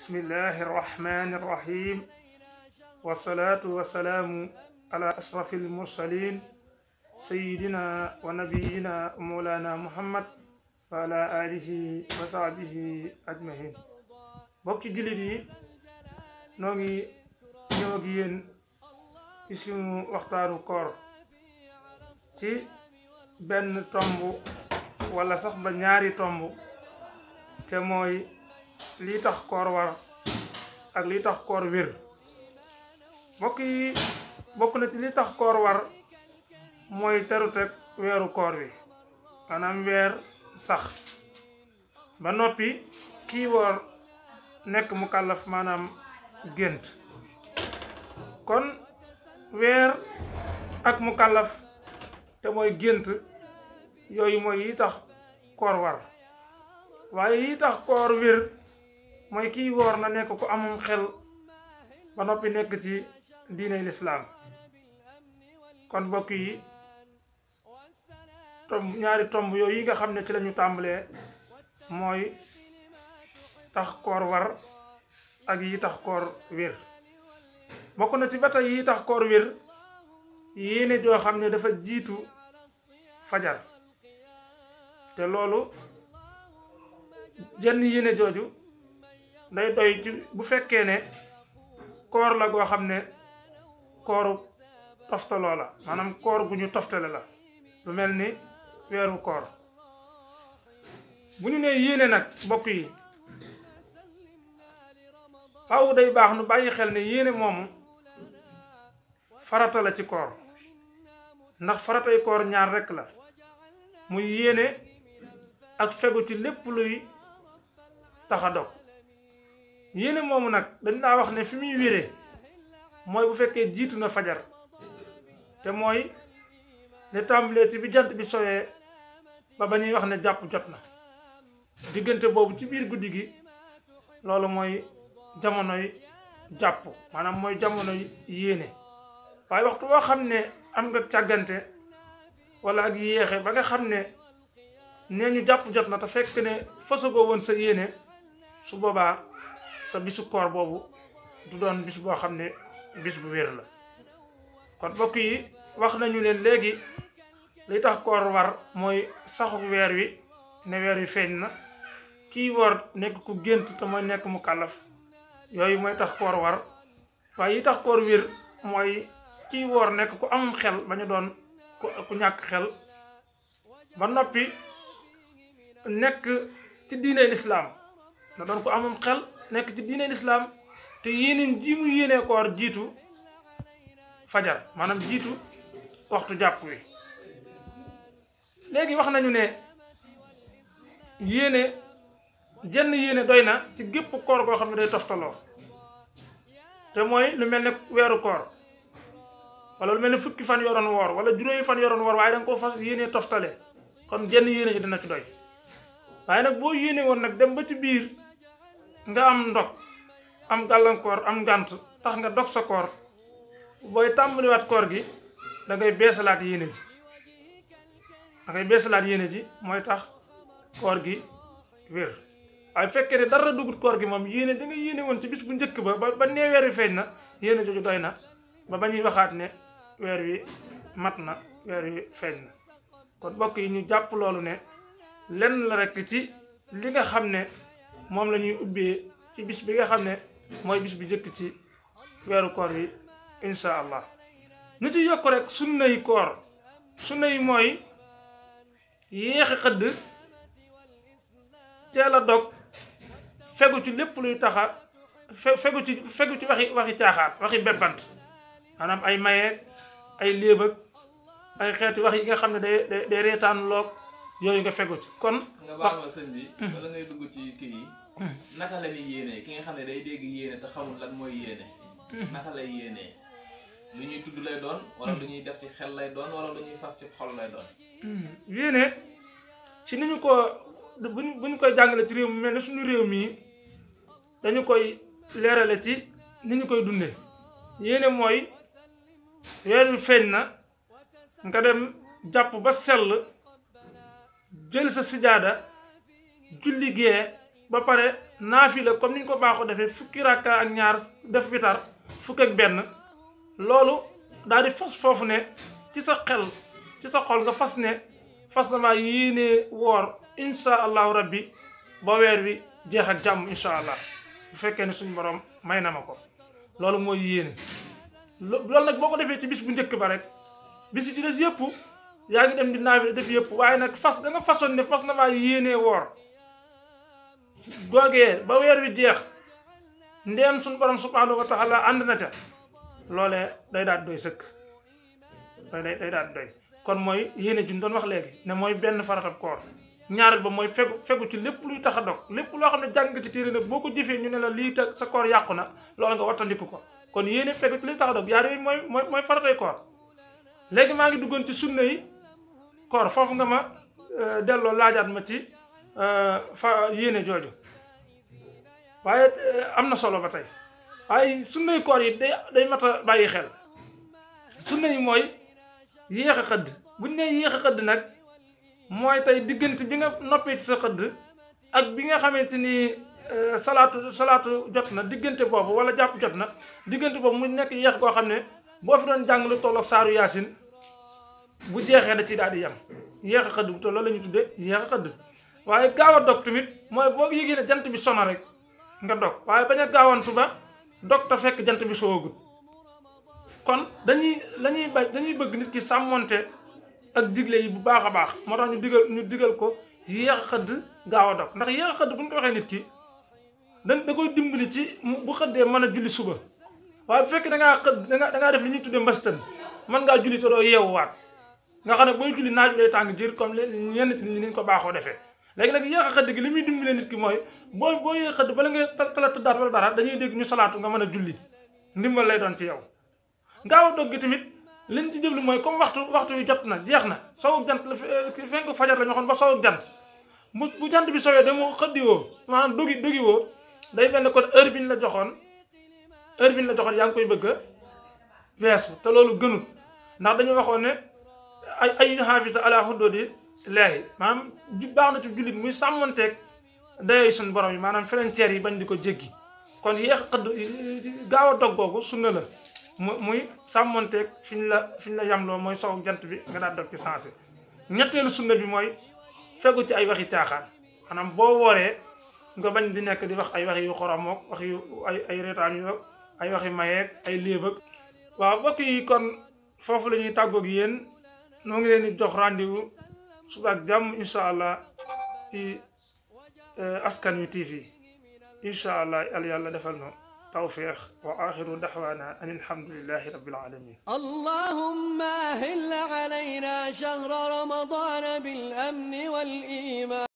بسم الله الرحمن الرحيم والصلاة والسلام على أشرف المرسلين سيدنا ونبينا مولانا محمد وعلى آله وصحبه أجمعين بوك جلدي نوغي نوغيين اسم وقتار كور تي بن تومبو ولا صاحب نياري تومبو تي موي lii tax koor war ak li tax koor wiir mbokk yi bokk na ci lii tax koor war mooy teruteg weeru koor wi maanaam weer sax ba noppi kii woor nekk mu kàllaf maanaam gént kon weer ak mu kàllaf te mooy gént yooyu mooy yi tax koor war waaye yi koor wér mooy kiy woor na nekk ko amum xel ba noppi nekk ci diiney lislaam kon mbokk yi tomb ñaari tomb yooyu yi nga xam ne ci lañu tàmbalee mooy tax koor war ak yi tax koor wér bokk na ci ba tey yi tax koor wér yéene joo xam ne dafa jiitu fajar te loolu jenn yéene jooju day doy bu fekkee ne koor la goo xam ne kooru toftaloo la maanaam koor gu ñu toftale la lu mel ni weeru koor bu ñu nee yéene nag bokk yi faaw day baax nu bàyyi xel ne yéene moomu farata la ci koor ndax faratay koor ñaar rekk la muy yéene ak fegu ci lépp luy tax yéene moomu nag dañ daa wax ne fi muy wéree mooy bu fekkee jiitu na fajar te mooy ne tàmbalee ci bi jant bi sowee ba ba ñuy wax ne jàpp jot na diggante boobu ci biir guddi gi loolu mooy jamonoy jàpp maanaam mooy jamonoy yéene waaye waxtu boo xam ne am nga càggante wala ak yéexe ba nga xam ne nee ñu jàpp jot na te fekk ne fasagoo woon sa yéene su boobaa sa bisu koor bobu du doon bis bo xamne bis bu wer la kon bokk yi wax nañu len legi li tax koor war moy saxu wer wi ne wer wi feñ na ki war nek ku gënt te mooy nek mu kalaf yoy moy tax koor war way yi tax koor wér moy ki woor nek ku am xel bañu doon ku ñak xel ba nopi nek ci diine l'islam na doon ko amum xel nekk ci diine lislaam te yéeneen ji mu yéenee koor jiitu fajar maanaam jiitu waxtu jàpp wi léegi wax nañu ne yéene jenn yéene doy na ci gépp koor goo xam ne day toftaloo te mooy lu mel ne weeru koor wala lu mel ne fukki fan yoroon woor wala juróomi fan yoroon woor waaye da koo fas yéene toftale kon jenn yéene ji dina ci doy waaye nag boo yéene woon nag dem ba ci biir nga am ndox am gàllankoor am ngànt tax nga dog sa koor tambali wat koor gi da ngay besalat yene ji da ngay besalat yene ji moy tax koor gi wer ay fekkee ne dara dugut koor gi mom yene da ngay yene won ci bis bu njëkk ba ba neweru feñ na yene jooju doyna ba ba waxat ne wer wi matna wer wi feñ na kon bokk yi ñu japp lolu ne len la rek ci li nga xamne moom la ñuy ubbee ci bis bi nga xam ne mooy bis bu njëkk ci weeru koor bi insha allah nu ci yokk rek sunna yi koor sunna mooy yéexi xëdd teel a dog fegu lépp luy taxa fegu ci fegu ci waxi waxi caaxaan waxi bebbant maanaam ay mayeeg ay léebëg ay xeeti wax yi nga xam ne day day reetaan loog yooyu nga fegu kon nga naka la ñuy yéenee ki nga xam ne day dégg yéene te xamul lan mooy yéene. Mm-hmm. naka lay yéenee lu ñuy tudd lay doon. wala lu mm-hmm. def ci xel lay doon wala lu fas ci xol lay doon. Mm-hmm. yéene ci ko jàngale ci réew mi mel ne suñu réew mii dañu koy leerale ci ni ñu koy dundee. yéene mooy weer wi feeñ na nga dem jàpp ba sell jël sa sijaada julli gee ba pare la comme ni ñu ko baaxoo defee fukki rakka ak ñaar def witar fukk ak benn loolu daal di fas foofu ne ci sa xel ci sa xol nga fas ne fas namaa yéenee woor insha allahu rabbi ba weer wi jeex ak jàmm insha allah bu fekkee ne suñu borom may na ma ko loolu mooy yéene loolu nag boo ko defee ci bis bu njëkk ba rek bis ci des yëpp yaa ngi dem di naafila def yëpp waaye nag fas da nga fasoon ne fas namaa yéenee woor googee ba weer wi jeex ndeem suñu borom subhanahu wa taala ànd na ca loolee day daal doy sëkk day day daal doy kon mooy yéene juñ doon wax léegi ne mooy benn faratab koor ñaareel ba mooy fegu fegu ci lépp luy tax a dog lépp loo xam ne jàng nga ci téere boo ko jëfee ñu ne la lii ta sa koor yàqu na loolu nga wattandiku ko kon yéene fegu ci luy tax dog yaar yooyu mooy mooy mooy faratay koor léegi maa ngi duggoon ci sunna yi koor foofu nga ma euh, delloo laajaat ma ci Euh, fa yéene jooju waaye euh, am na solo ba tey waaye sunnay koor yi day day mat a bàyyi xel sunna yi mooy yéex xëdd buñ ne yéex a xëdd nag mooy tey diggante bi nga noppee ci sa xëdd ak bi nga xamante ni euh, salaatu salaatu jot na diggante boobu wala jàpp jot na diggante boobu mu nekk yéex goo xam ne boo fi doon jàng lu tolloog saaru yaasin bu jeexee na ci daal yam yem yéex a xëdd bu toll loolu tudde yéex xëdd waaye gaaw a dog tamit mooy boo yëgee ne jant bi sona rek nga dog waaye bañ a gaawantu ba dog te fekk jant bi soogut kon dañuy lañuy ba dañuy bëgg nit ki sàmmonte ak digle yi bu baax a baax moo tax ñu digal ñu digal ko yéex xëdd gaaw a dog ndax yéex xëdd bu ñu ko waxee nit ki dañ da koy dimbali ci bu xëddee mën a julli suba waaye bu fekkee da ngaa xëdd da ngaa da ngaa def li ñuy tuddee mbastan mën ngaa julli te doo waat nga xam ne booy julli naaj lay tàng jër comme yenn ci ni ñu ko baaxoo defee. léegi nag yéex a xëdd gi li muy dimbali nit ki mooy boo boo yéex xëdd bala ngay tala tuddaat wala dara dañuy dégg ñu salaatu nga mën a julli ndimbal lay doon ci yow gaaw a dog gi tamit liñ ci jëblu mooy comme waxtu waxtu wi jot na jeex na sowu jant la fenk eh, fajar la ñu waxoon ba sowu jant bu bu jant bi sowee dama xëddi woo maanaam dogi dogi woo day benn kon heure bi ñu la joxoon heure bi ñu la joxoon yaa ngi koy bëgg a weesu te loolu gënul ndax dañu waxoon ne ay ay xaafisa ala laahi maanaam baax na ci jullit muy sàmmanteeg dayooyu suñu borom yi maanaam frontières yi bañ di ko jéggi kon yéex xëdd gaaw a dog googu la mu muy sàmmanteeg fiñ la fi ñu la yamloo mooy sow jant bi nga daal dog ci sensé ñetteelu sunna bi mooy fegu ci ay waxi caaxaan maanaam boo wooree nga bañ di nekk di wax ay wax yu xoromook wax yu ay ay reetaan yu ay waxi mayeeg ay léeb ak waaw mbokk yi kon foofu la ñuy tàggoog yéen noo ngi leen di jox rendez صدق إن شاء الله تي أسكن تي في إن شاء الله ألي الله دفلنا توفيق وآخر دعوانا أن الحمد لله رب العالمين اللهم أهل علينا شهر رمضان بالأمن والإيمان